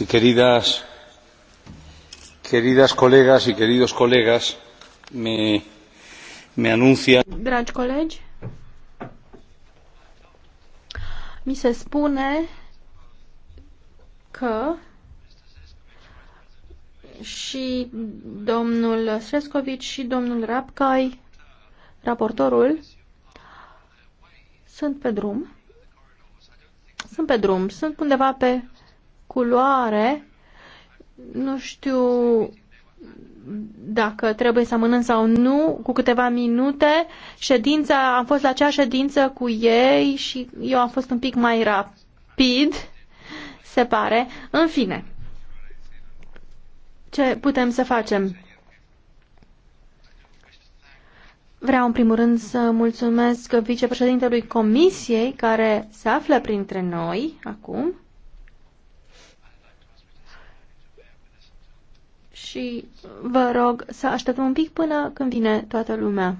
Sí, queridas, queridas colegas y queridos colegas, me, me anuncia. Dragi colegi, mi se spune că și domnul Srescovici și domnul Rapcai, raportorul, sunt pe drum. Sunt pe drum, sunt undeva pe culoare, nu știu dacă trebuie să mănânc sau nu, cu câteva minute. Ședința, am fost la acea ședință cu ei și eu am fost un pic mai rapid, se pare. În fine, ce putem să facem? Vreau în primul rând să mulțumesc vicepreședintelui Comisiei care se află printre noi acum și vă rog să așteptăm un pic până când vine toată lumea.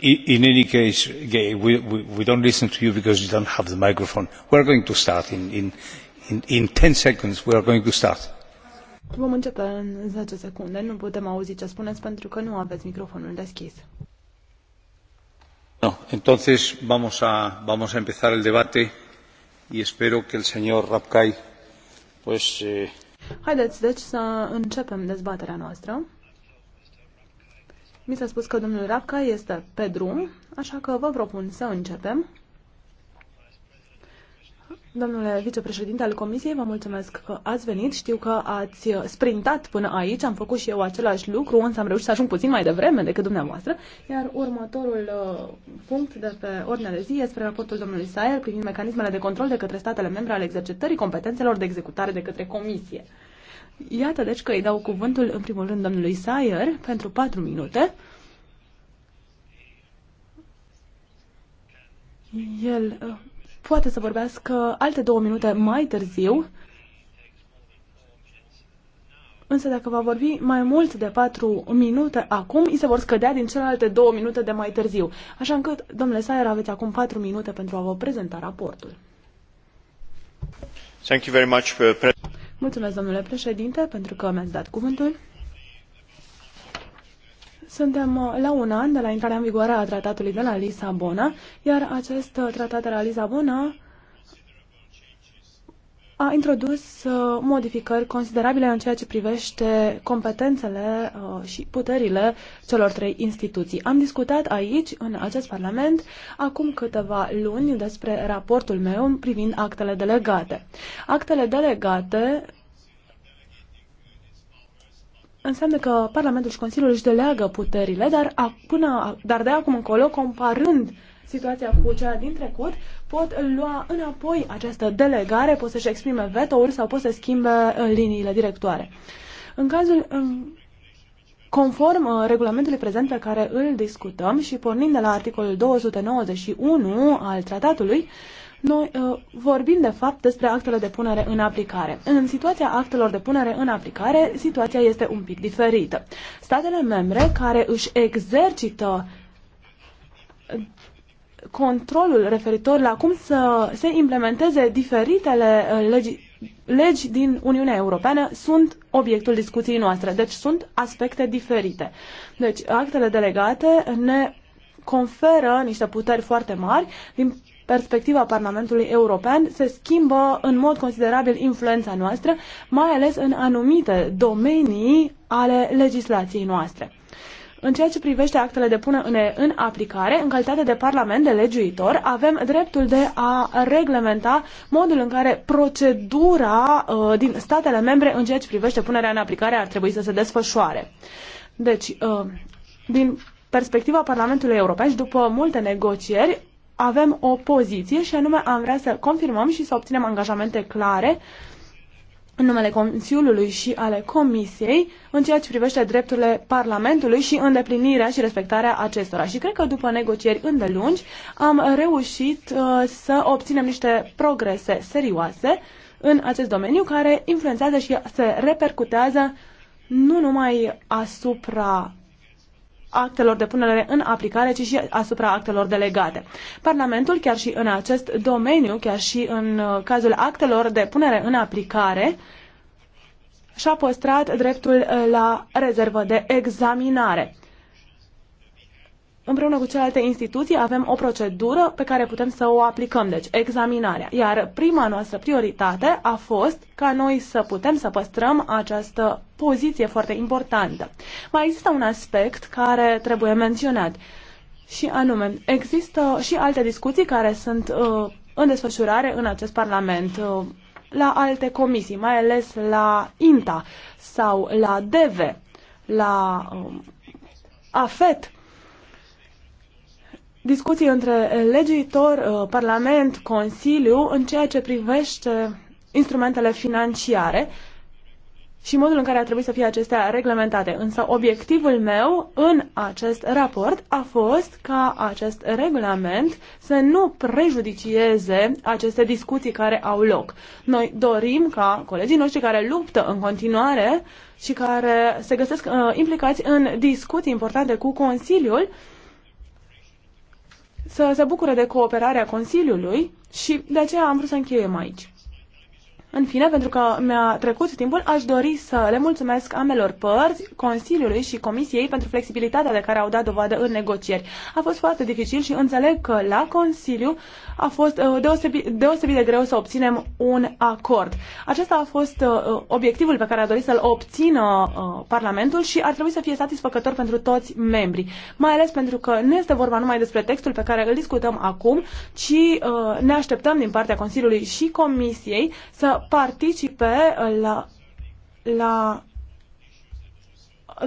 in any case we, we, we don't listen to you because you don't have the microphone. We're going to start in, in, in, in 10 seconds. We are going to start. Vom începe în 10 secunde. Nu putem auzi ce spuneți pentru că nu aveți microfonul deschis. No, entonces vamos a, vamos a empezar el debate y espero que el señor Rapkay pues eh... Haideți deci să începem dezbaterea noastră. Mi s-a spus că domnul Rapca este pe drum, așa că vă propun să începem. Domnule vicepreședinte al Comisiei, vă mulțumesc că ați venit. Știu că ați sprintat până aici, am făcut și eu același lucru, însă am reușit să ajung puțin mai devreme decât dumneavoastră. Iar următorul uh, punct de pe ordinea de zi este raportul domnului Sayer privind mecanismele de control de către statele membre ale exercitării competențelor de executare de către Comisie. Iată deci că îi dau cuvântul în primul rând domnului Sayer pentru patru minute. El uh, poate să vorbească alte două minute mai târziu, însă dacă va vorbi mai mult de patru minute acum, îi se vor scădea din celelalte două minute de mai târziu. Așa încât, domnule Sayer, aveți acum patru minute pentru a vă prezenta raportul. Thank you very much, uh, Mulțumesc, domnule președinte, pentru că mi-ați dat cuvântul. Suntem uh, la un an de la intrarea în vigoare a tratatului de la Lisabona, iar acest uh, tratat de la Lisabona a introdus uh, modificări considerabile în ceea ce privește competențele și puterile celor trei instituții. Am discutat aici, în acest Parlament, acum câteva luni despre raportul meu privind actele delegate. Actele delegate înseamnă că Parlamentul și Consiliul își deleagă puterile, dar, a, până, dar de acum încolo, comparând situația cu cea din trecut, pot lua înapoi această delegare, pot să-și exprime veto-ul sau pot să schimbe uh, liniile directoare. În cazul, conform uh, regulamentului prezent pe care îl discutăm și pornind de la articolul 291 al tratatului, noi uh, vorbim, de fapt, despre actele de punere în aplicare. În situația actelor de punere în aplicare, situația este un pic diferită. Statele membre care își exercită controlul referitor la cum să se implementeze diferitele uh, legi, legi din Uniunea Europeană sunt obiectul discuției noastre, deci sunt aspecte diferite. Deci actele delegate ne conferă niște puteri foarte mari, din perspectiva Parlamentului European, se schimbă în mod considerabil influența noastră, mai ales în anumite domenii ale legislației noastre. În ceea ce privește actele de punere în aplicare, în calitate de Parlament de legiuitor, avem dreptul de a reglementa modul în care procedura uh, din statele membre în ceea ce privește punerea în aplicare ar trebui să se desfășoare. Deci, uh, din perspectiva Parlamentului European și după multe negocieri, avem o poziție și anume am vrea să confirmăm și să obținem angajamente clare în numele Consiliului și ale Comisiei în ceea ce privește drepturile Parlamentului și îndeplinirea și respectarea acestora. Și cred că după negocieri îndelungi am reușit uh, să obținem niște progrese serioase în acest domeniu care influențează și se repercutează nu numai asupra actelor de punere în aplicare, ci și asupra actelor delegate. Parlamentul, chiar și în acest domeniu, chiar și în uh, cazul actelor de punere în aplicare, și-a păstrat dreptul uh, la rezervă de examinare împreună cu celelalte instituții avem o procedură pe care putem să o aplicăm, deci examinarea. Iar prima noastră prioritate a fost ca noi să putem să păstrăm această poziție foarte importantă. Mai există un aspect care trebuie menționat și anume, există și alte discuții care sunt uh, în desfășurare în acest Parlament. Uh, la alte comisii, mai ales la INTA sau la DV, la uh, AFET, discuții între legiuitor, uh, Parlament, Consiliu în ceea ce privește instrumentele financiare și modul în care ar trebui să fie acestea reglementate. Însă obiectivul meu în acest raport a fost ca acest regulament să nu prejudicieze aceste discuții care au loc. Noi dorim ca colegii noștri care luptă în continuare și care se găsesc uh, implicați în discuții importante cu Consiliul uh, să se bucure de cooperarea Consiliului și de aceea am vrut să încheiem aici. În fine, pentru că mi-a trecut timpul, aș dori să le mulțumesc amelor părți, Consiliului și Comisiei pentru flexibilitatea de care au dat dovadă în negocieri. A fost foarte dificil și înțeleg că la Consiliu a fost uh, deosebit, deosebit de greu să obținem un acord. Acesta a fost uh, obiectivul pe care a dorit să-l obțină uh, Parlamentul și ar trebui să fie satisfăcător pentru toți membrii, mai ales pentru că nu este vorba numai despre textul pe care îl discutăm acum, ci ne așteptăm din partea Consiliului și Comisiei să participe uh, la, la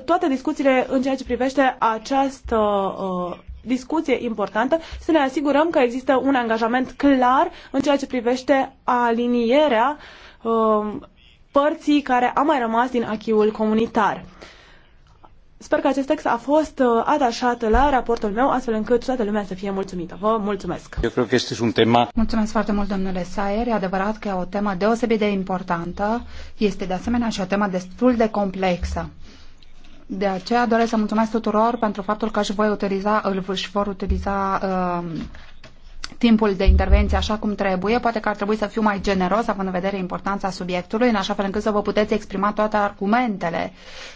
toate discuțiile în ceea ce privește această uh, discuție importantă, să ne asigurăm că există un angajament clar în ceea ce privește alinierea uh, părții care a mai rămas din achiul comunitar. Uh, Sper că acest text a fost uh, atașat la raportul meu, astfel încât toată lumea să fie mulțumită. Vă mulțumesc! Eu cred că este un tema... Mulțumesc foarte mult, domnule Saier. E adevărat că e o temă deosebit de importantă. Este de asemenea și o temă destul de complexă. De aceea doresc să mulțumesc tuturor pentru faptul că își, voi utiliza, își vor utiliza uh, timpul de intervenție așa cum trebuie. Poate că ar trebui să fiu mai generos, având în vedere importanța subiectului, în așa fel încât să vă puteți exprima toate argumentele,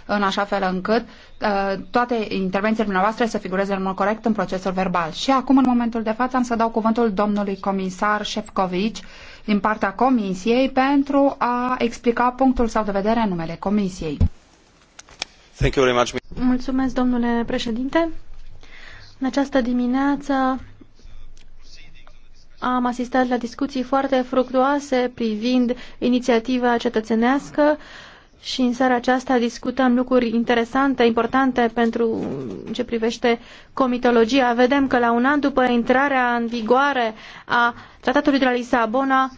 în așa fel încât uh, toate intervențiile dumneavoastră să figureze în mod corect în procesul verbal. Și acum, în momentul de față, am să dau cuvântul domnului comisar Șefcovici din partea Comisiei pentru a explica punctul sau de vedere în numele Comisiei. Thank you very much. Mulțumesc, domnule președinte. În această dimineață am asistat la discuții foarte fructuoase privind inițiativa cetățenească și în seara aceasta discutăm lucruri interesante, importante pentru ce privește comitologia. Vedem că la un an după intrarea în vigoare a Tratatului de la Lisabona,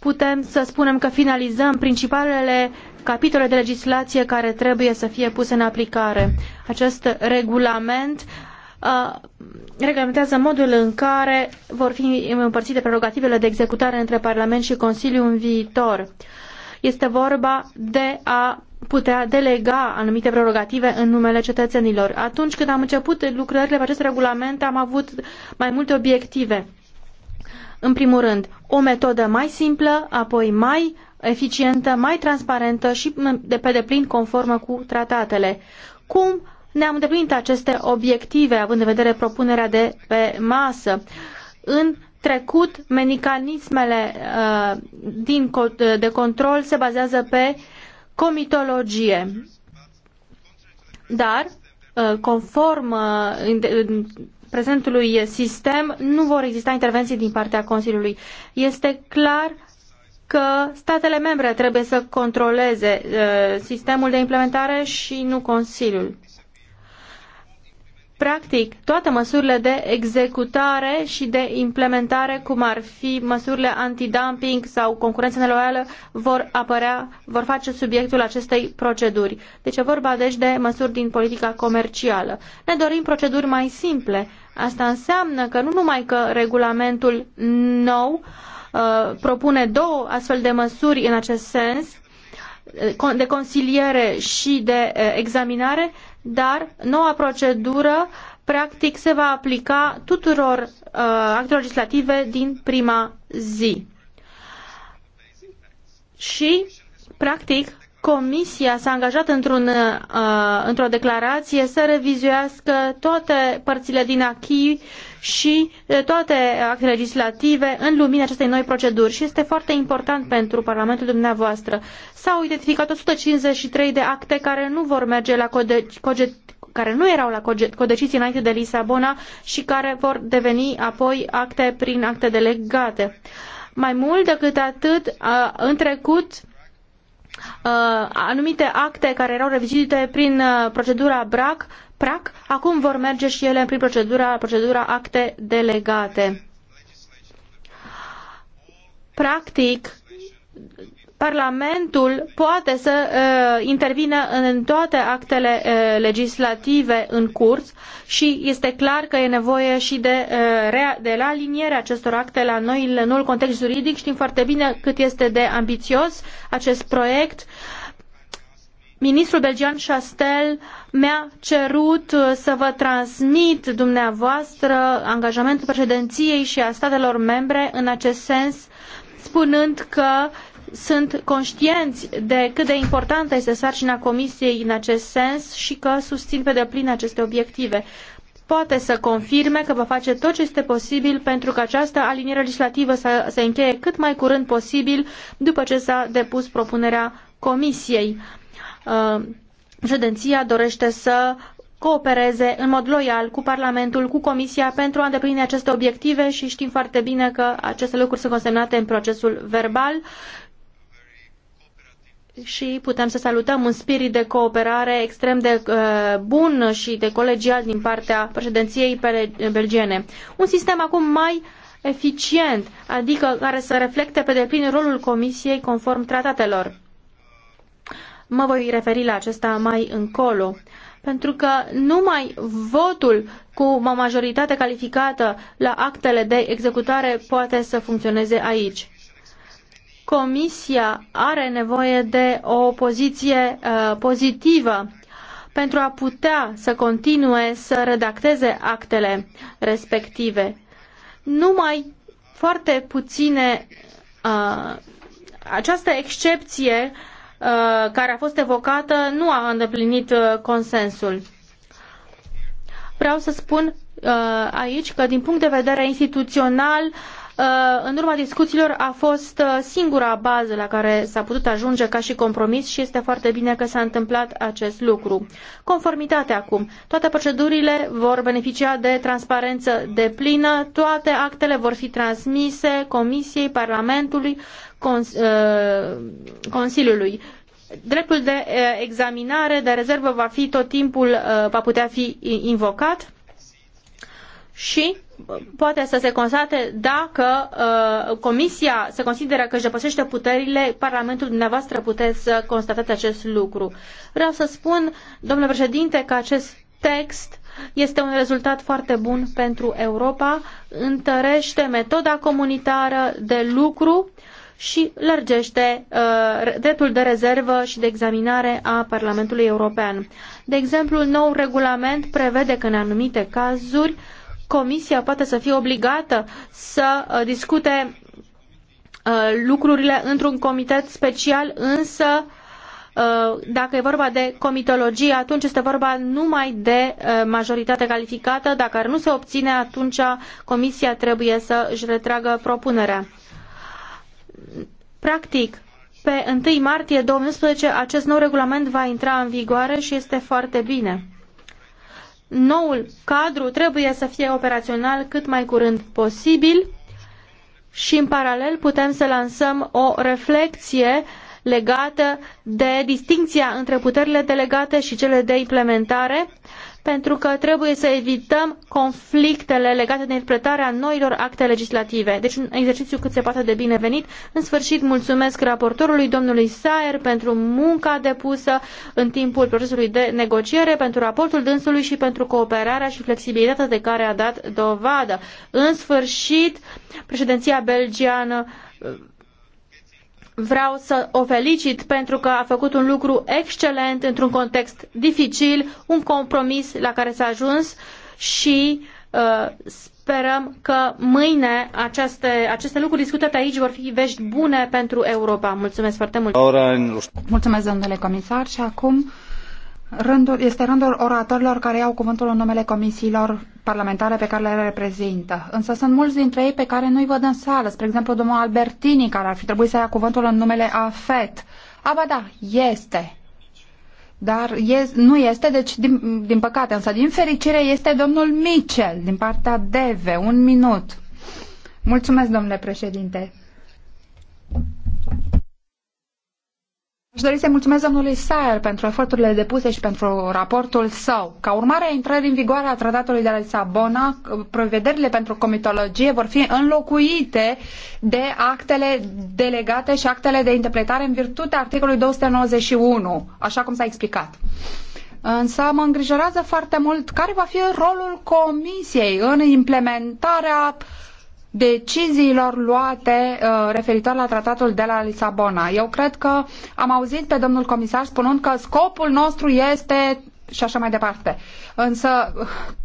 putem să spunem că finalizăm principalele capitole de legislație care trebuie să fie puse în aplicare. Acest regulament reglementează modul în care vor fi împărțite prerogativele de executare între Parlament și Consiliu în viitor. Este vorba de a putea delega anumite prerogative în numele cetățenilor. Atunci când am început lucrările pe acest regulament, am avut mai multe obiective. În primul rând, o metodă mai simplă, apoi mai eficientă, mai transparentă și de pe deplin conformă cu tratatele. Cum ne-am îndeplinit aceste obiective, având în vedere propunerea de pe masă. În trecut, mecanismele uh, din, de control se bazează pe comitologie. Dar, uh, conform uh, prezentului sistem, nu vor exista intervenții din partea Consiliului. Este clar că statele membre trebuie să controleze sistemul de implementare și nu Consiliul. Practic, toate măsurile de executare și de implementare, cum ar fi măsurile antidumping sau concurență neloială, vor apărea, vor face subiectul acestei proceduri. Deci e vorba deci de măsuri din politica comercială. Ne dorim proceduri mai simple. Asta înseamnă că nu numai că regulamentul nou uh, propune două astfel de măsuri în acest sens, uh, de consiliere și de uh, examinare, dar noua procedură practic se va aplica tuturor uh, actelor legislative din prima zi. Și, practic, Comisia s-a angajat într-un, uh, într-o declarație să revizuiască toate părțile din acquis și toate actele legislative în lumina acestei noi proceduri și este foarte important pentru Parlamentul dumneavoastră. S-au identificat 153 de acte care nu vor merge la code, care nu erau la codecizie înainte de Lisabona și care vor deveni apoi acte prin acte delegate. Mai mult decât atât, în trecut, anumite acte care erau revizuite prin procedura BRAC PRAC, acum vor merge și ele prin procedura, procedura acte delegate. Practic, Parlamentul poate să uh, intervină în toate actele uh, legislative în curs și este clar că e nevoie și de, uh, rea, de la alinierea acestor acte la în noul context juridic. Știm foarte bine cât este de ambițios acest proiect. Uh, Ministrul belgian Chastel mi-a cerut uh, să vă transmit dumneavoastră angajamentul președinției și a statelor membre în acest sens, spunând că sunt conștienți de cât de importantă este sarcina Comisiei în acest sens și că susțin pe deplin aceste obiective. Poate să confirme că va face tot ce este posibil pentru că această aliniere legislativă să se încheie cât mai curând posibil după ce s-a depus propunerea Comisiei președinția uh, dorește să coopereze în mod loial cu Parlamentul, cu Comisia pentru a îndeplini aceste obiective și știm foarte bine că aceste lucruri sunt consemnate în procesul verbal și putem să salutăm un spirit de cooperare extrem de uh, bun și de colegial din partea președinției belgiene. Un sistem acum mai eficient, adică care să reflecte pe deplin rolul Comisiei conform tratatelor. Mă voi referi la acesta mai încolo pentru că numai votul cu o majoritate calificată la actele de executare poate să funcționeze aici. Comisia are nevoie de o poziție uh, pozitivă pentru a putea să continue să redacteze actele respective. Numai foarte puține uh, această excepție Uh, care a fost evocată nu a îndeplinit uh, consensul. Vreau să spun uh, aici că din punct de vedere instituțional în urma discuțiilor a fost singura bază la care s-a putut ajunge ca și compromis și este foarte bine că s-a întâmplat acest lucru. Conformitate acum. Toate procedurile vor beneficia de transparență deplină, toate actele vor fi transmise Comisiei, Parlamentului cons, uh, Consiliului. Dreptul de uh, examinare, de rezervă, va fi tot timpul, uh, va putea fi invocat și uh, poate să se constate dacă uh, Comisia se consideră că își depășește puterile, Parlamentul dumneavoastră puteți să constatați acest lucru. Vreau să spun, domnule președinte, că acest text este un rezultat foarte bun pentru Europa, întărește metoda comunitară de lucru uh, și lărgește uh, dreptul de rezervă și de examinare a Parlamentului European. De exemplu, nou regulament prevede că în anumite cazuri Comisia poate să fie obligată să uh, discute uh, lucrurile într-un comitet special, însă uh, dacă e vorba de comitologie, atunci este vorba numai de uh, majoritate calificată. Dacă nu se obține, atunci comisia trebuie să își retragă propunerea. Practic, pe 1 martie 2011 acest nou regulament va intra în vigoare și este foarte bine. Noul cadru trebuie să fie operațional cât mai curând posibil și în paralel putem să lansăm o reflexie legată de distinția între puterile delegate și cele de implementare pentru că trebuie să evităm conflictele legate de interpretarea noilor acte legislative. Deci un exercițiu cât se poate de binevenit. În sfârșit, mulțumesc raportorului, domnului Saer, pentru munca depusă în timpul procesului de negociere, pentru raportul dânsului și pentru cooperarea și flexibilitatea de care a dat dovadă. În sfârșit, președinția belgiană vreau să o felicit pentru că a făcut un lucru excelent într-un context dificil, un compromis la care s-a ajuns și uh, sperăm că mâine aceste, aceste lucruri discutate aici vor fi vești bune pentru Europa. Mulțumesc foarte mult! Mulțumesc, domnule comisar, și acum rândul, este rândul oratorilor care iau cuvântul în numele comisiilor parlamentare pe care le reprezintă. Însă sunt mulți dintre ei pe care nu-i văd în sală. Spre exemplu, domnul Albertini, care ar fi trebuit să ia cuvântul în numele AFET. Aba da, este. Dar yes, nu este, deci din, din păcate, însă din fericire este domnul Mitchell din partea DEVE. Un minut. Mulțumesc, domnule președinte. Aș dori să mulțumesc domnului Sayer pentru eforturile depuse și pentru raportul său. Ca urmare a intrării în vigoare a tratatului de la Lisabona, prevederile pentru comitologie vor fi înlocuite de actele delegate și actele de interpretare în virtutea articolului 291, așa cum s-a explicat. Însă mă îngrijorează foarte mult care va fi rolul Comisiei în implementarea uh, deciziilor luate uh, referitor la tratatul de la Lisabona. Eu cred că am auzit pe domnul comisar spunând că scopul nostru este și așa mai departe. Însă,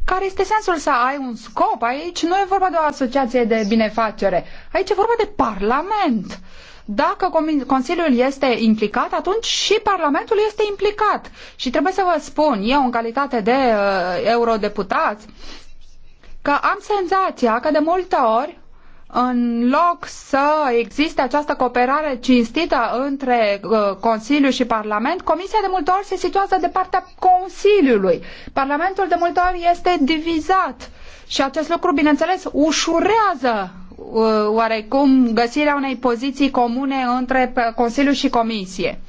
care este sensul să ai un scop aici? Nu e vorba de o asociație de binefacere. Aici e vorba de Parlament. Dacă Consiliul este implicat, atunci și Parlamentul este implicat. Și trebuie să vă spun, eu în calitate de uh, eurodeputat, uh, că am senzația că de multe ori în loc să existe această cooperare cinstită între uh, Consiliu și Parlament, Comisia de multe ori se situează de partea Consiliului. Parlamentul de multe ori este divizat și acest lucru, bineînțeles, ușurează uh, oarecum găsirea unei poziții comune între uh, Consiliu și Comisie.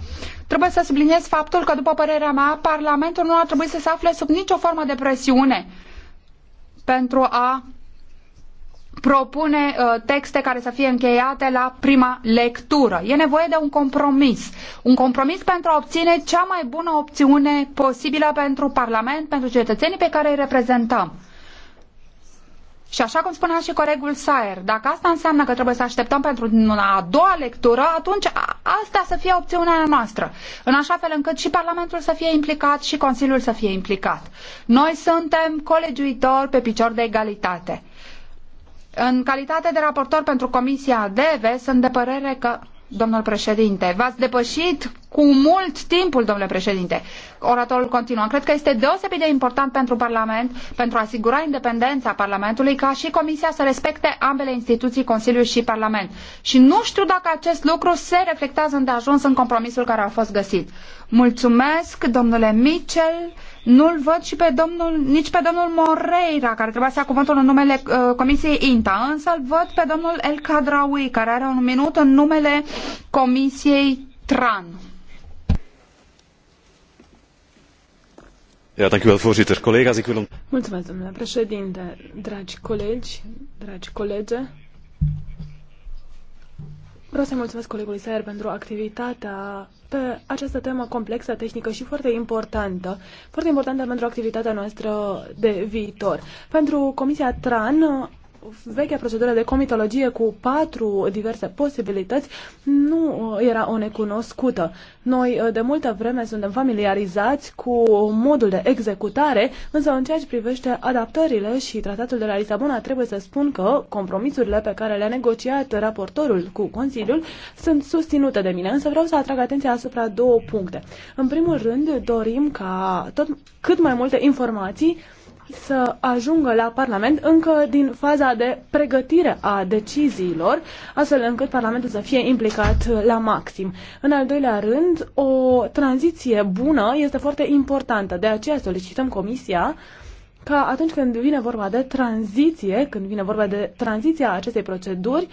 Trebuie să subliniez faptul că, după părerea mea, Parlamentul nu ar trebui să se afle sub nicio formă de presiune pentru a propune uh, texte care să fie încheiate la prima lectură. E nevoie de un compromis. Un compromis pentru a obține cea mai bună opțiune posibilă pentru Parlament, pentru cetățenii pe care îi reprezentăm. Și așa cum spunea și colegul Saer, dacă asta înseamnă că trebuie să așteptăm pentru a doua lectură, atunci asta să fie opțiunea noastră, în așa fel încât și Parlamentul să fie implicat și Consiliul să fie implicat. Noi suntem colegiuitori pe picior de egalitate. În calitate de raportor pentru Comisia DV, sunt de părere că Domnul președinte, v-ați depășit cu mult timpul, domnule președinte. Oratorul continuă. Cred că este deosebit de important pentru Parlament, pentru a asigura independența Parlamentului, ca și Comisia să respecte ambele instituții, Consiliu și Parlament. Și nu știu dacă acest lucru se reflectează îndeajuns în compromisul care a fost găsit. Mulțumesc, domnule Mitchell. Nu-l văd și pe domnul, nici pe domnul Moreira, care trebuia să ia cuvântul în numele uh, Comisiei INTA, însă îl văd pe domnul El Cadraui, care are un minut în numele Comisiei TRAN. voorzitter. Collega's, ik wil... Mulțumesc, domnule președinte, dragi colegi, dragi colege. Vreau să mulțumesc colegului Saier pentru activitatea pe această temă complexă, tehnică și foarte importantă. Foarte importantă pentru activitatea noastră de viitor. Pentru Comisia TRAN vechea procedură de comitologie cu patru diverse posibilități nu uh, era o necunoscută. Noi uh, de multă vreme suntem familiarizați cu modul de executare, însă în ceea ce privește adaptările și tratatul de la Lisabona trebuie să spun că compromisurile pe care le-a negociat raportorul cu Consiliul sunt susținute de mine, însă vreau să atrag atenția asupra două puncte. În primul rând dorim ca tot, cât mai multe informații să ajungă la Parlament încă din faza de pregătire a deciziilor, astfel încât Parlamentul să fie implicat la maxim. În al doilea rând, o tranziție bună este foarte importantă, de aceea solicităm Comisia ca atunci când vine vorba de tranziție, când vine vorba de tranziția acestei proceduri,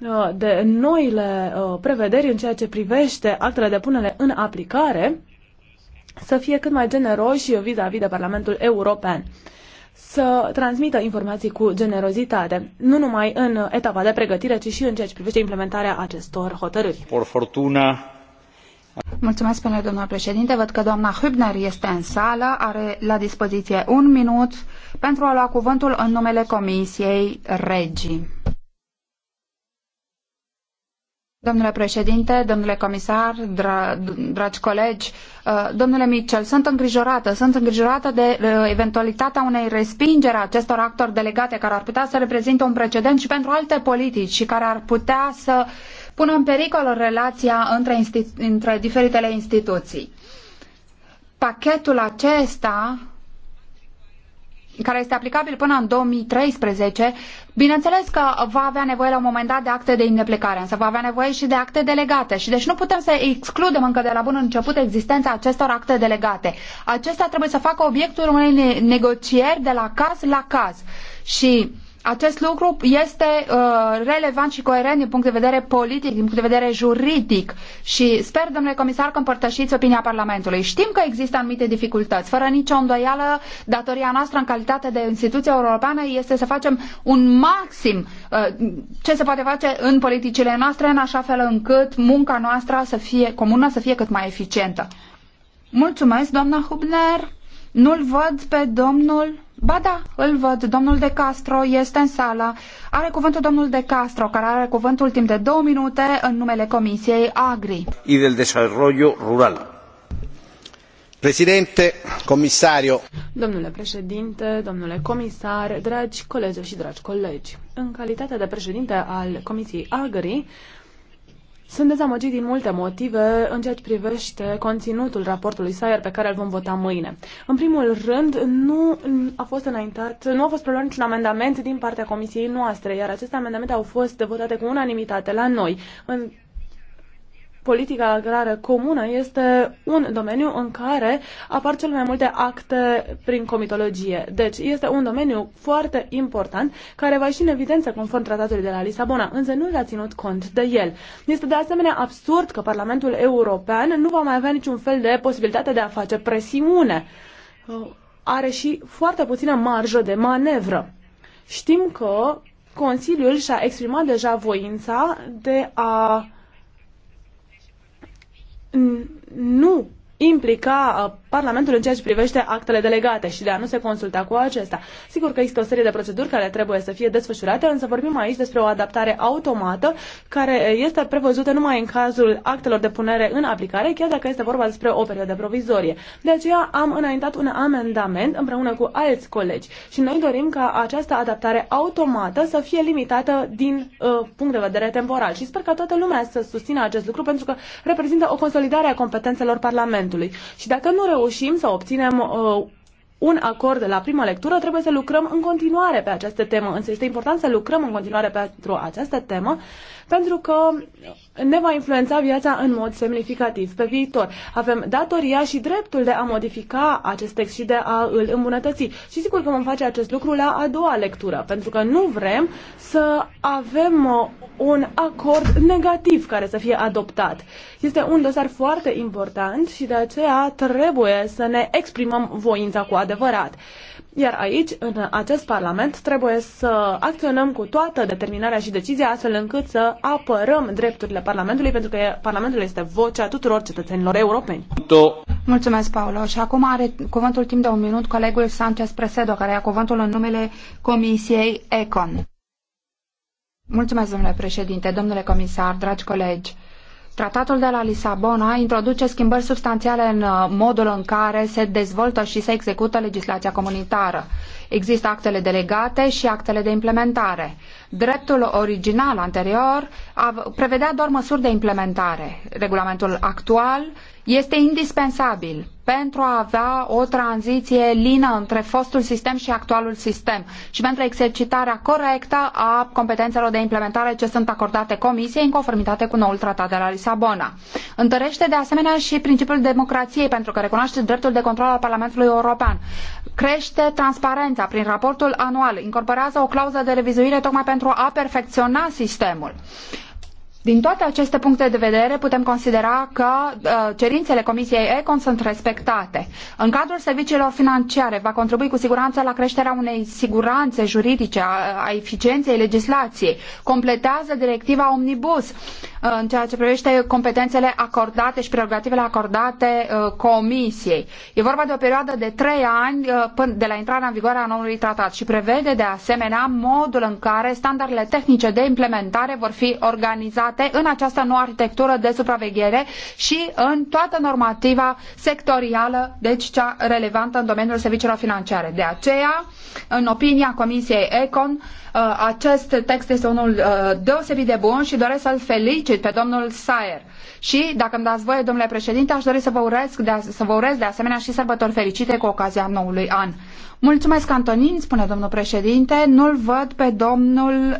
uh, de noile uh, prevederi în ceea ce privește actele de punere în aplicare, să fie cât mai generoși vis-a-vis -vis de Parlamentul European să transmită informații cu generozitate, nu numai în etapa de pregătire, ci și în ceea ce privește implementarea acestor hotărâri. Por fortuna. Mulțumesc, până domnul președinte. Văd că doamna Hübner este în sală, are la dispoziție un minut pentru a lua cuvântul în numele Comisiei Regii. Domnule președinte, domnule comisar, dra, dragi colegi, uh, domnule Mitchell, sunt îngrijorată. Sunt îngrijorată de uh, eventualitatea unei respingeri a acestor actori delegate care ar putea să reprezinte un precedent și pentru alte politici și care ar putea să pună în pericol relația între, între diferitele instituții. Pachetul acesta care este aplicabil până în 2013, bineînțeles că va avea nevoie la un moment dat de acte de îndeplecare, însă va avea nevoie și de acte delegate și deci nu putem să excludem încă de la bun început existența acestor acte delegate. Acestea trebuie să facă obiectul unei negocieri de la caz la caz și acest lucru este uh, relevant și coerent din punct de vedere politic, din punct de vedere juridic și sper, domnule comisar, că împărtășiți opinia Parlamentului. Știm că există anumite dificultăți. Fără nicio îndoială, datoria noastră în calitate de instituție europeană este să facem un maxim uh, ce se poate face în politicile noastre, în așa fel încât munca noastră să fie comună, să fie cât mai eficientă. Mulțumesc, doamna Hubner. Nu-l văd pe domnul... Ba da, îl văd. Domnul De Castro este în sală. Are cuvântul domnul De Castro, care are cuvântul timp de două minute în numele Comisiei Agri. I del desarrollo rural. Presidente, comisario. Domnule președinte, domnule comisar, dragi colegi și dragi colegi, în calitate de președinte al Comisiei Agri, sunt dezamăgit din multe motive în ceea ce privește conținutul raportului Sayer pe care îl vom vota mâine. În primul rând, nu a fost înaintat, nu a fost preluat niciun amendament din partea comisiei noastre, iar aceste amendamente au fost votate cu unanimitate la noi. În politica agrară comună este un domeniu în care apar cele mai multe acte prin comitologie. Deci este un domeniu foarte important care va ieși în evidență conform tratatului de la Lisabona, însă nu s-a ținut cont de el. Este de asemenea absurd că Parlamentul European nu va mai avea niciun fel de posibilitate de a face presiune. Are și foarte puțină marjă de manevră. Știm că Consiliul și-a exprimat deja voința de a nu implica uh, Parlamentul în ceea ce privește actele delegate și de a nu se consulta cu acesta. Sigur că există o serie de proceduri care trebuie să fie desfășurate, însă vorbim aici despre o adaptare automată care uh, este prevăzută numai în cazul actelor de punere în aplicare, chiar dacă este vorba despre o perioadă provizorie. De aceea am înaintat un amendament împreună cu alți colegi și noi dorim ca această adaptare automată să fie limitată din uh, punct de vedere temporal și sper ca toată lumea să susțină acest lucru pentru că reprezintă o consolidare a competențelor Parlamentului. Parlamentului. Și dacă nu reușim să obținem uh, un acord la prima lectură, trebuie să lucrăm în continuare pe această temă. Însă este important să lucrăm în continuare pentru această temă pentru că ne va influența viața în mod semnificativ pe viitor. Avem datoria și dreptul de a modifica acest text și de a îl îmbunătăți. Și sigur că vom face acest lucru la a doua lectură, pentru că nu vrem să avem uh, un acord negativ care să fie adoptat. Este un dosar foarte important și de aceea trebuie să ne exprimăm voința cu adevărat. Iar aici, în acest Parlament, trebuie să acționăm cu toată determinarea și decizia astfel încât să apărăm drepturile Parlamentului, pentru că Parlamentul este vocea tuturor cetățenilor europeni. Mulțumesc, Paolo. Și acum are cuvântul timp de un minut colegul Sanchez Presedo, care ia cuvântul în numele Comisiei ECON. Mulțumesc, domnule președinte, domnule comisar, dragi colegi. Tratatul de la Lisabona introduce schimbări substanțiale în uh, modul în care se dezvoltă și se execută legislația comunitară. Există actele delegate și actele de implementare. Dreptul original anterior prevedea doar măsuri de implementare. Regulamentul actual este indispensabil pentru a avea o tranziție lină între fostul sistem și actualul sistem și pentru exercitarea corectă a competențelor de implementare ce sunt acordate Comisiei în conformitate cu noul tratat de la Lisabona. Întărește de asemenea și principiul democrației pentru că recunoaște dreptul de control al Parlamentului European. Crește transparența prin raportul anual, incorporează o clauză de revizuire tocmai pentru a perfecționa sistemul. Din toate aceste puncte de vedere, putem considera că uh, cerințele Comisiei Econ sunt respectate. În cadrul serviciilor financiare, va contribui cu siguranță la creșterea unei siguranțe juridice a, a eficienței legislației. Completează directiva Omnibus în ceea ce privește competențele acordate și prerogativele acordate uh, Comisiei. E vorba de o perioadă de trei ani uh, de la intrarea în vigoare a noului tratat și prevede de asemenea modul în care standardele tehnice de implementare vor fi organizate în această nouă arhitectură de supraveghere și în toată normativa sectorială, deci cea relevantă în domeniul serviciilor financiare. De aceea, în opinia Comisiei Econ, Uh, acest text este unul uh, deosebit de bun și doresc să-l felicit pe domnul Sayer. Și, dacă îmi dați voie, domnule președinte, aș dori să vă, urez de, să vă urez de asemenea și sărbători fericite cu ocazia noului an. Mulțumesc, Antonin, spune domnul președinte. Nu-l văd pe domnul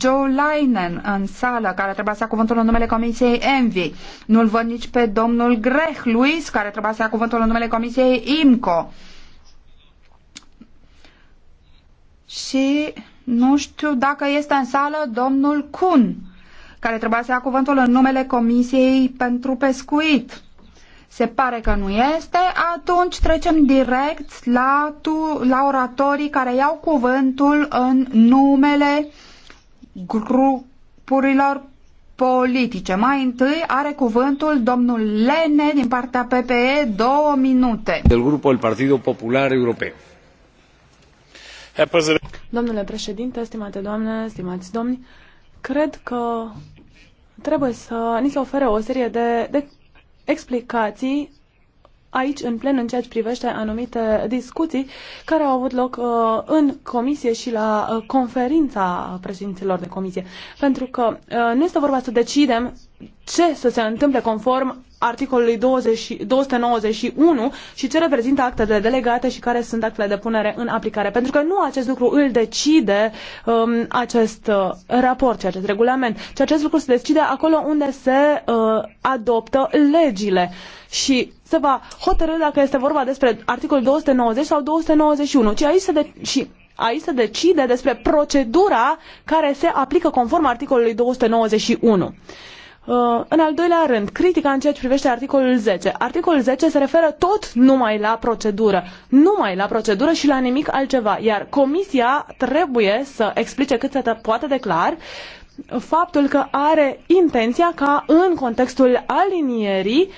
Joe Leinen în sală, care trebuia să ia cuvântul în numele Comisiei Envy. Nu-l văd nici pe domnul Greh Luis, care trebuia să ia cuvântul în numele Comisiei IMCO. Și nu știu dacă este în sală domnul Kun, care trebuia să ia cuvântul în numele Comisiei pentru Pescuit. Se pare că nu este, atunci trecem direct la, tu, la oratorii care iau cuvântul în numele grupurilor politice. Mai întâi are cuvântul domnul Lene din partea PPE, două minute. Del grupul Partidul Popular Europeu. Domnule președinte, stimate doamne, stimați domni, cred că trebuie să ni se ofere o serie de, de explicații aici în plen în ceea ce privește anumite discuții care au avut loc uh, în comisie și la uh, conferința președinților de comisie. Pentru că uh, nu este vorba să decidem ce să se întâmple conform articolului 20, 291 și ce reprezintă actele delegate și care sunt actele de punere în aplicare. Pentru că nu acest lucru îl decide um, acest uh, raport și acest regulament, ci acest lucru se decide acolo unde se uh, adoptă legile și se va hotărâ dacă este vorba despre articolul 290 sau 291. Ci aici se de- și aici se decide despre procedura care se aplică conform articolului 291. Uh, în al doilea rând, critica în ceea ce privește articolul 10. Articolul 10 se referă tot numai la procedură, numai la procedură și la nimic altceva, iar comisia trebuie să explice cât se poate declar faptul că are intenția ca în contextul alinierii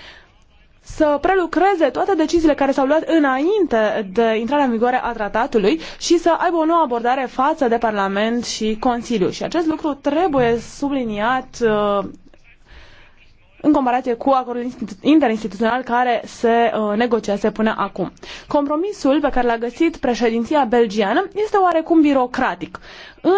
să prelucreze toate deciziile care s-au luat înainte de intrarea în vigoare a tratatului și să aibă o nouă abordare față de Parlament și Consiliu. Și acest lucru trebuie subliniat uh, în comparație cu acordul interinstituțional care se uh, negociase până acum. Compromisul pe care l-a găsit președinția belgiană este oarecum birocratic,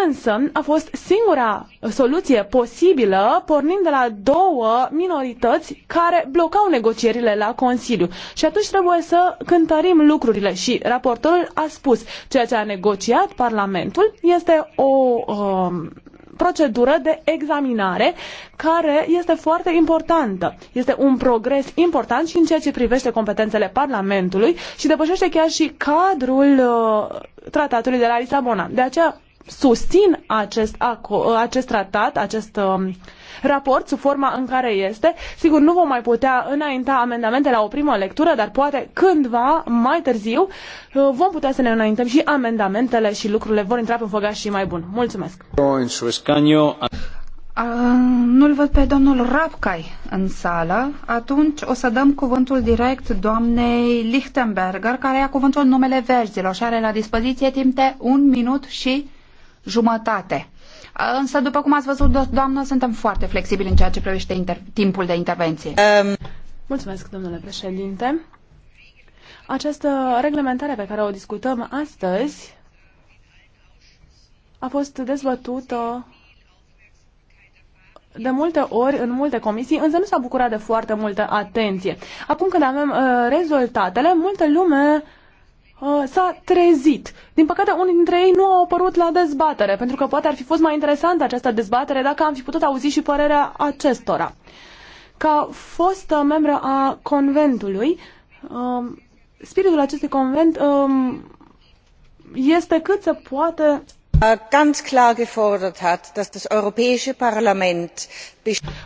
însă a fost singura soluție posibilă pornind de la două minorități care blocau negocierile la Consiliu. Și atunci trebuie să cântărim lucrurile și raportorul a spus ceea ce a negociat Parlamentul este o uh, procedură de examinare care este foarte importantă. Este un progres important și în ceea ce privește competențele Parlamentului și depășește chiar și cadrul uh, tratatului de la Lisabona. De aceea susțin acest, acest tratat, acest um, raport sub forma în care este. Sigur, nu vom mai putea înainta amendamente la o primă lectură, dar poate cândva, mai târziu, uh, vom putea să ne înaintăm și amendamentele și lucrurile vor intra pe un făgaș și mai bun. Mulțumesc! Nu-l văd pe domnul Rapcai în sală, atunci o să dăm cuvântul direct doamnei Lichtenberger, care ia cuvântul în numele verzilor și are la dispoziție timp de un minut și jumătate. Însă, după cum ați văzut, doamnă, suntem foarte flexibili în ceea ce privește timpul de intervenție. Um... Mulțumesc, domnule președinte. Această reglementare pe care o discutăm astăzi a fost dezbătută de multe ori în multe comisii, însă nu s-a bucurat de foarte multă atenție. Acum când avem uh, rezultatele, multă lume uh, Uh, s-a trezit. Din păcate, unii dintre ei nu au apărut la dezbatere, pentru că poate ar fi fost mai interesantă această dezbatere dacă am fi putut auzi și părerea acestora. Ca fostă uh, membră a conventului, um, spiritul acestui convent um, este cât se poate äh, ganz klar gefordert hat dass das europäische parlament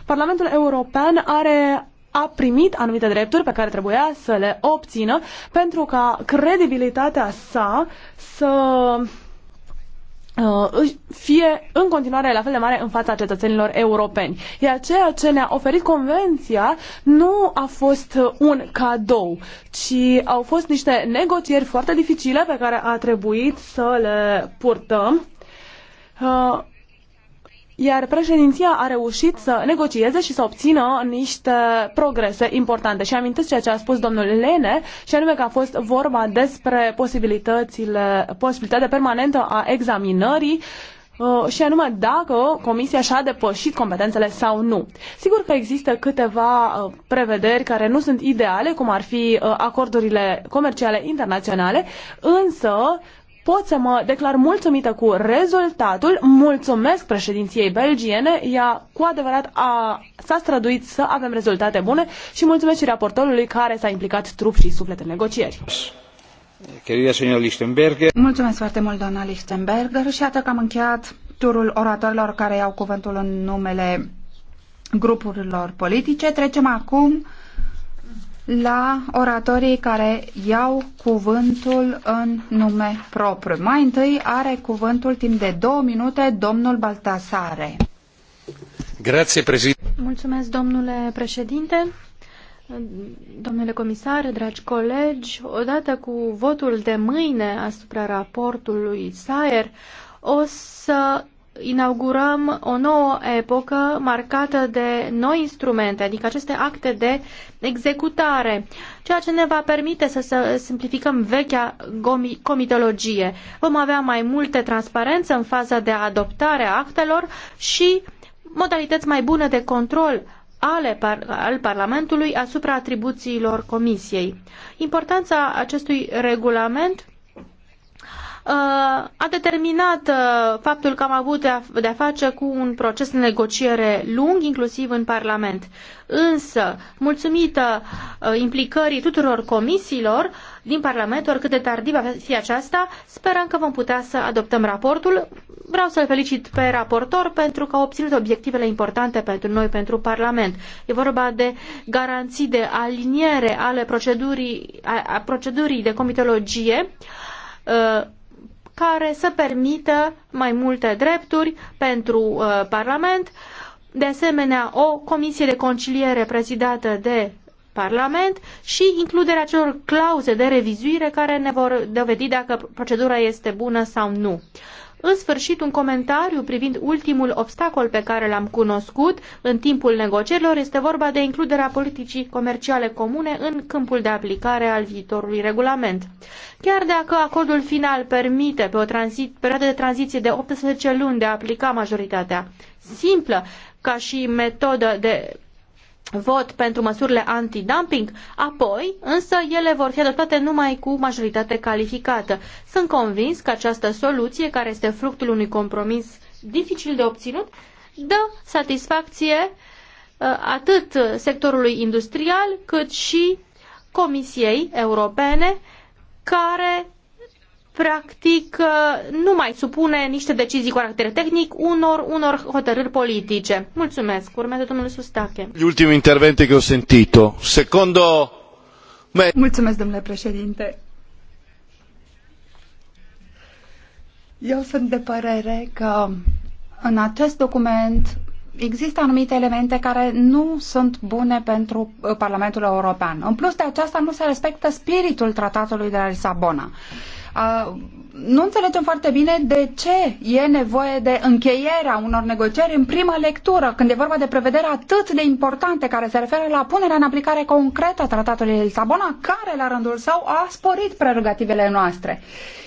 parlamentul european are a primit anumite drepturi pe care trebuia să le obțină pentru ca credibilitatea sa să uh, fie în continuare la fel de mare în fața cetățenilor europeni. Iar ceea ce ne-a oferit convenția nu a fost un cadou, ci au fost niște negocieri foarte dificile pe care a trebuit să le purtăm. Uh, iar președinția a reușit să negocieze și să obțină niște progrese importante. Și amintesc ceea ce a spus domnul Lene, și anume că a fost vorba despre posibilitățile, posibilitatea permanentă a examinării uh, și anume dacă Comisia și-a depășit competențele sau nu. Sigur că există câteva uh, prevederi care nu sunt ideale, cum ar fi uh, acordurile comerciale internaționale, însă pot să mă declar mulțumită cu rezultatul. Mulțumesc președinției belgiene. Ea cu adevărat a, s-a străduit să avem rezultate bune și mulțumesc și raportorului care s-a implicat trup și suflet în negocieri. Mulțumesc foarte mult, doamna Lichtenberger, și atât că am încheiat turul oratorilor care iau cuvântul în numele grupurilor politice. Trecem acum la oratorii care iau cuvântul în nume propriu. Mai întâi are cuvântul timp de două minute domnul Baltasare. Grazie, Mulțumesc, domnule președinte. Domnule comisar, dragi colegi, odată cu votul de mâine asupra raportului Saer, o să inaugurăm o nouă epocă marcată de noi instrumente, adică aceste acte de executare, ceea ce ne va permite să, să simplificăm vechea comitologie. Vom avea mai multe transparență în faza de adoptare a actelor și modalități mai bune de control ale al Parlamentului asupra atribuțiilor Comisiei. Importanța acestui regulament Uh, a determinat uh, faptul că am avut de-a face cu un proces de negociere lung, inclusiv în Parlament. Însă, mulțumită uh, implicării tuturor comisiilor din Parlament, oricât de tardiv va fi aceasta, sperăm că vom putea să adoptăm raportul. Vreau să-l felicit pe raportor pentru că a obținut obiectivele importante pentru noi, pentru Parlament. E vorba de garanții de aliniere ale procedurii, a, a procedurii de comitologie care să permită mai multe drepturi pentru uh, Parlament, de asemenea o comisie de conciliere prezidată de Parlament și includerea celor clauze de revizuire care ne vor dovedi dacă procedura este bună sau nu. Uh, în sfârșit, un comentariu privind ultimul obstacol pe care l-am cunoscut în timpul negocierilor este vorba de includerea politicii comerciale comune în câmpul de aplicare al viitorului regulament. Chiar dacă acordul final permite pe o tranzit, perioadă de tranziție de 18 luni de a aplica majoritatea simplă ca și metodă de vot pentru măsurile antidumping, apoi însă ele vor fi adoptate numai cu majoritate calificată. Sunt convins că această soluție, care este fructul unui compromis dificil de obținut, dă satisfacție uh, atât sectorului industrial cât și Comisiei Europene, care practic uh, nu mai supune niște decizii cu caracter tehnic unor, unor hotărâri politice. Mulțumesc. Urmează domnul Sustache. Ultimul intervente că am sentito. Secondo me... Mulțumesc, domnule președinte. Eu sunt de părere că în acest document există anumite elemente care nu sunt bune pentru uh, Parlamentul European. În plus de aceasta, nu se respectă spiritul Tratatului de la Lisabona. Uh, nu înțelegem foarte bine de ce e nevoie de încheierea unor negocieri în prima lectură, când e vorba de prevedere atât de importante care se referă la punerea în aplicare concretă a tratatului Lisabona, care la rândul său a sporit prerogativele noastre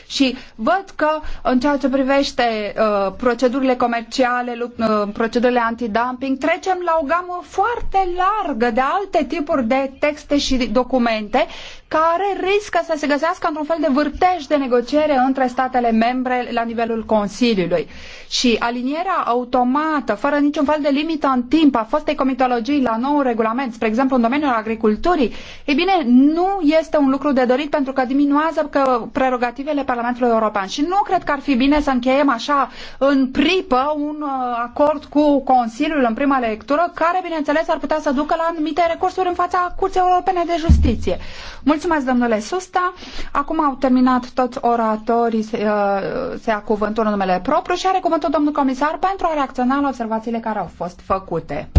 și văd că în ceea ce privește uh, procedurile comerciale, uh, procedurile antidumping, trecem la o gamă foarte largă de alte tipuri de texte și documente care riscă să se găsească într-un fel de vârtej de negociere între statele membre la nivelul Consiliului. Și alinierea automată, fără niciun fel de limită în timp, a fostei comitologii la nou regulament, spre exemplu în domeniul agriculturii, e bine, nu este un lucru de dorit pentru că diminuează prerogativele Parlamentului European. Și nu cred că ar fi bine să încheiem așa în pripă un uh, acord cu Consiliul în prima lectură, care, bineînțeles, ar putea să ducă la anumite recursuri în fața Curții Europene de Justiție. Mulțumesc, domnule Susta. Acum au terminat toți oratorii se, uh, se ia cuvântul în numele propriu și are cuvântul domnul comisar pentru a reacționa la observațiile care au fost făcute.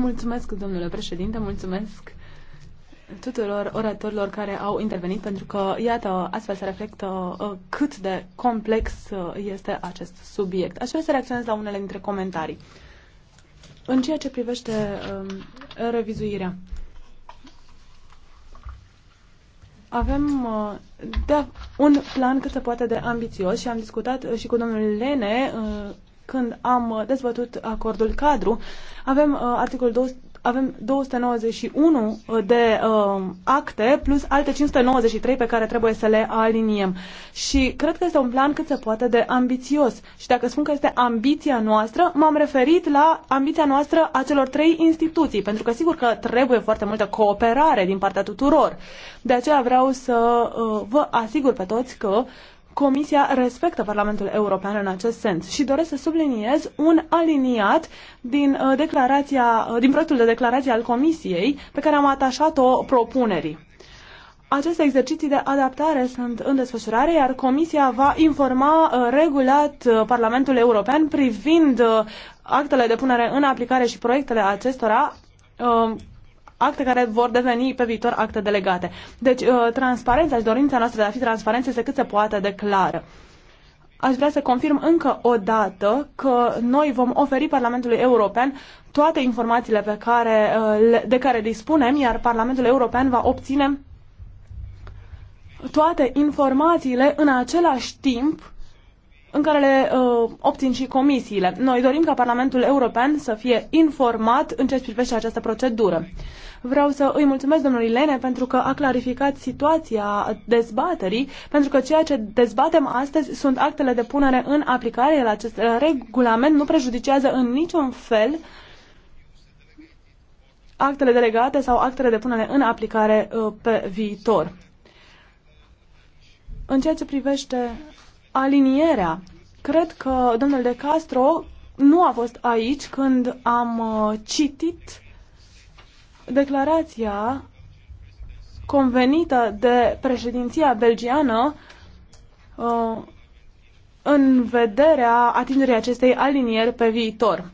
Mulțumesc, domnule președinte, mulțumesc tuturor oratorilor care au intervenit, pentru că, iată, astfel se reflectă uh, cât de complex uh, este acest subiect. Aș vrea să reacționez la unele dintre comentarii. În ceea ce privește um, revizuirea, avem uh, de da, un plan cât se poate de ambițios și am discutat și cu domnul Lene când am dezbătut acordul cadru. Avem articolul 2 avem 291 uh, de uh, acte plus alte 593 pe care trebuie să le aliniem. Și cred că este un plan cât se poate de ambițios. Și dacă spun că este ambiția noastră, m-am referit la ambiția noastră a celor trei instituții, pentru că sigur că trebuie foarte multă cooperare din partea tuturor. De aceea vreau să uh, vă asigur pe toți că Comisia respectă Parlamentul European în acest sens și doresc să subliniez un aliniat din, uh, declarația, uh, din proiectul de declarație al Comisiei pe care am atașat-o propunerii. Aceste exerciții de adaptare sunt în desfășurare, iar Comisia va informa uh, regulat Parlamentul European privind actele de punere în aplicare și proiectele acestora acte care vor deveni pe viitor acte delegate. Deci, uh, transparența și dorința noastră de a fi transparență este cât se poate de clară aș vrea să confirm încă o dată că noi vom oferi Parlamentului European toate informațiile pe care, uh, de care dispunem, iar Parlamentul European va obține toate informațiile în același timp în care le uh, obțin și comisiile. Noi dorim ca Parlamentul European să fie informat în ce privește această procedură. Vreau să îi mulțumesc domnului Lene pentru că a clarificat situația dezbaterii, pentru că ceea ce dezbatem astăzi sunt actele de punere în aplicare la acest regulament, nu prejudicează în niciun fel actele delegate sau actele de punere în aplicare uh, pe viitor. În ceea ce privește alinierea. Cred că domnul De Castro nu a fost aici când am uh, citit declarația convenită de președinția belgiană uh, în vederea atingerii acestei alinieri pe viitor.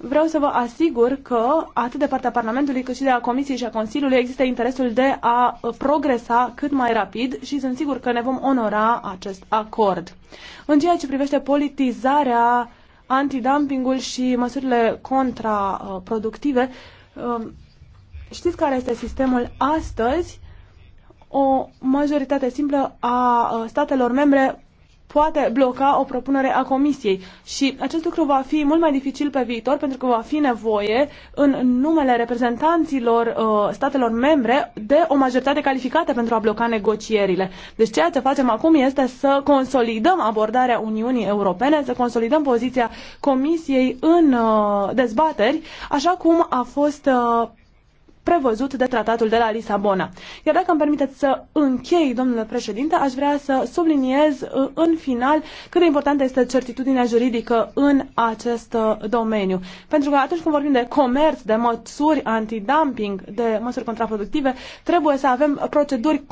Vreau să vă asigur că atât de partea Parlamentului cât și de a Comisiei și a Consiliului există interesul de a progresa cât mai rapid și sunt sigur că ne vom onora acest acord. În ceea ce privește politizarea, antidumpingul și măsurile contraproductive, um, știți care este sistemul astăzi? O majoritate simplă a statelor membre poate bloca o propunere a Comisiei și acest lucru va fi mult mai dificil pe viitor pentru că va fi nevoie în numele reprezentanților uh, statelor membre de o majoritate calificată pentru a bloca negocierile. Deci ceea ce facem acum este să consolidăm abordarea Uniunii Europene, să consolidăm poziția Comisiei în uh, dezbateri, așa cum a fost uh, prevăzut de tratatul de la Lisabona. Iar dacă îmi permiteți să închei, domnule președinte, aș vrea să subliniez uh, în final cât de importantă este certitudinea juridică în acest uh, domeniu. Pentru că atunci când vorbim de comerț, de măsuri antidumping, de măsuri contraproductive, trebuie să avem proceduri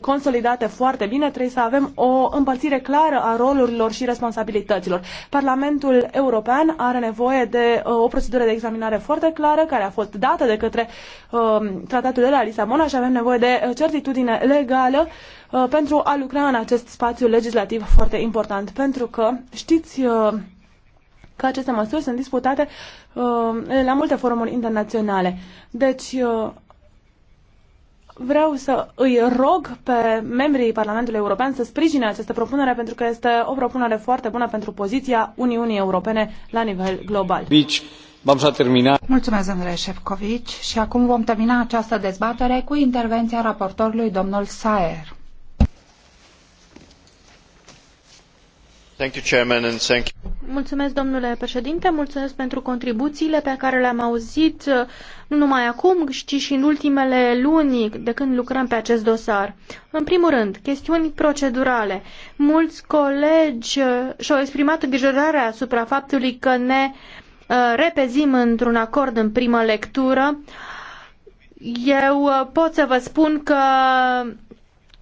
consolidate foarte bine, trebuie să avem o împărțire clară a rolurilor și responsabilităților. Parlamentul European are nevoie de uh, o procedură de examinare foarte clară, care a fost dată de către Um, tratatul de la Lisabona și avem nevoie de uh, certitudine legală uh, pentru a lucra în acest spațiu legislativ foarte important, pentru că știți uh, că aceste măsuri sunt disputate la multe forumuri internaționale. Deci, vreau să îi rog pe membrii Parlamentului European să sprijine această propunere pentru că este o propunere foarte bună pentru poziția Uniunii Europene la nivel global. Beach. Deci, Vamos a termina. Mulțumesc, domnule Șefcovici. Și acum vom termina această dezbatere cu intervenția raportorului domnul Saer. Mulțumesc, domnule președinte, mulțumesc pentru contribuțiile pe care le-am auzit uh, nu numai acum, ci și în ultimele luni de când lucrăm pe acest dosar. În primul rând, chestiuni procedurale. Mulți colegi uh, și-au exprimat îngrijorarea asupra faptului că ne Uh, repezim într-un acord în primă lectură, eu uh, pot să vă spun că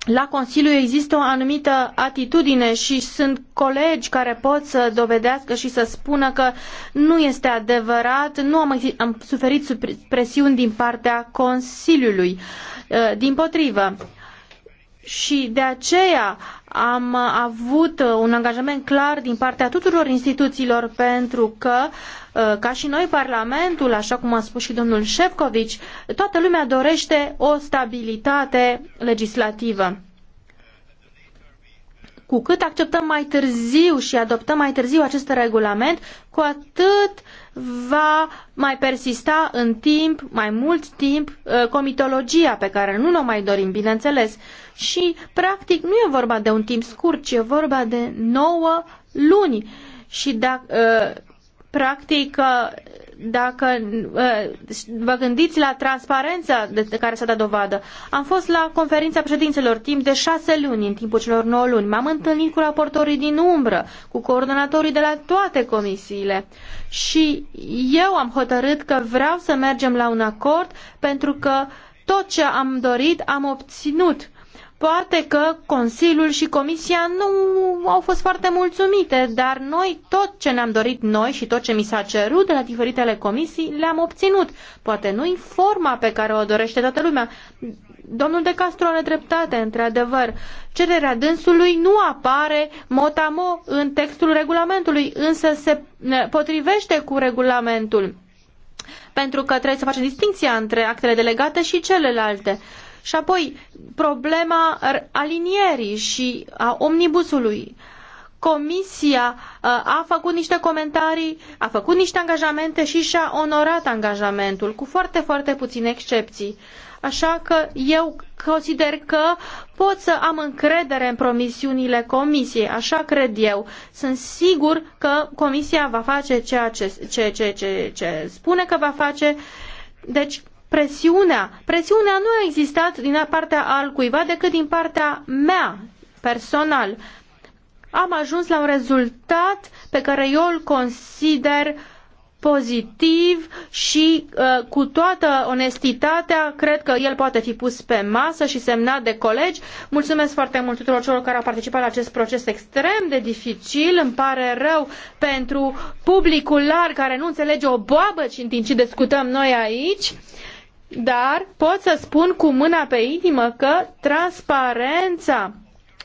la Consiliu există o anumită atitudine și sunt colegi care pot să dovedească și să spună că nu este adevărat, nu am, am suferit presiuni din partea Consiliului. Uh, din potrivă, și de aceea am avut un angajament clar din partea tuturor instituțiilor pentru că Uh, ca și noi, Parlamentul, așa cum a spus și domnul Șefcovici, toată lumea dorește o stabilitate legislativă. Cu cât acceptăm mai târziu și adoptăm mai târziu acest regulament, cu atât va mai persista în timp, mai mult timp, uh, comitologia pe care nu ne-o mai dorim, bineînțeles. Și, practic, nu e vorba de un timp scurt, ci e vorba de 9 luni. Și dacă, uh, Practic, uh, dacă uh, vă gândiți la transparența de care s-a dat dovadă, am fost la conferința președinților timp de șase luni, în timpul celor nouă luni. M-am întâlnit cu raportorii din umbră, cu coordonatorii de la toate comisiile și eu am hotărât că vreau să mergem la un acord pentru că tot ce am dorit am obținut Poate că Consiliul și Comisia nu au fost foarte mulțumite, dar noi tot ce ne-am dorit noi și tot ce mi s-a cerut de la diferitele comisii le-am obținut. Poate nu în forma pe care o dorește toată lumea. Domnul de Castro are dreptate, într-adevăr. Cererea dânsului nu apare motamo în textul regulamentului, însă se potrivește cu regulamentul. Pentru că trebuie să facem distinția între actele delegate și celelalte. Uh, și apoi problema alinierii și a omnibusului. Comisia uh, a făcut niște comentarii, a făcut niște angajamente și și-a onorat angajamentul, cu foarte, foarte puține excepții. Așa că eu consider că pot să am încredere în promisiunile Comisiei, așa cred eu. Sunt sigur că Comisia va face ceea ce, ce, ce, ce spune că va face. Deci, presiunea. Presiunea nu a existat din partea altcuiva decât din partea mea, personal. Am ajuns la un rezultat pe care eu îl consider pozitiv și uh, cu toată onestitatea cred că el poate fi pus pe masă și semnat de colegi. Mulțumesc foarte mult tuturor celor care au participat la acest proces extrem de dificil. Îmi pare rău pentru publicul larg care nu înțelege o boabă din ce discutăm noi aici. Uh, dar pot să spun cu mâna pe inimă că transparența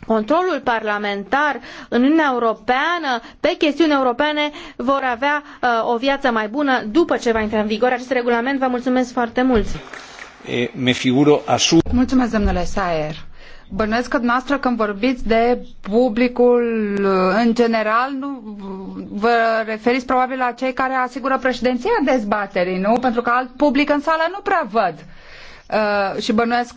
controlul parlamentar în Uniunea Europeană pe chestiuni europene vor avea uh, o viață mai bună după ce va intra în vigoare acest regulament. Vă mulțumesc foarte mult! Mulțumesc, domnule Saer! Bănuiesc că dumneavoastră când vorbiți de publicul în general, nu vă referiți probabil la cei care asigură președinția dezbaterii, nu? Pentru că alt public în sală nu prea văd. Uh, și bănuiesc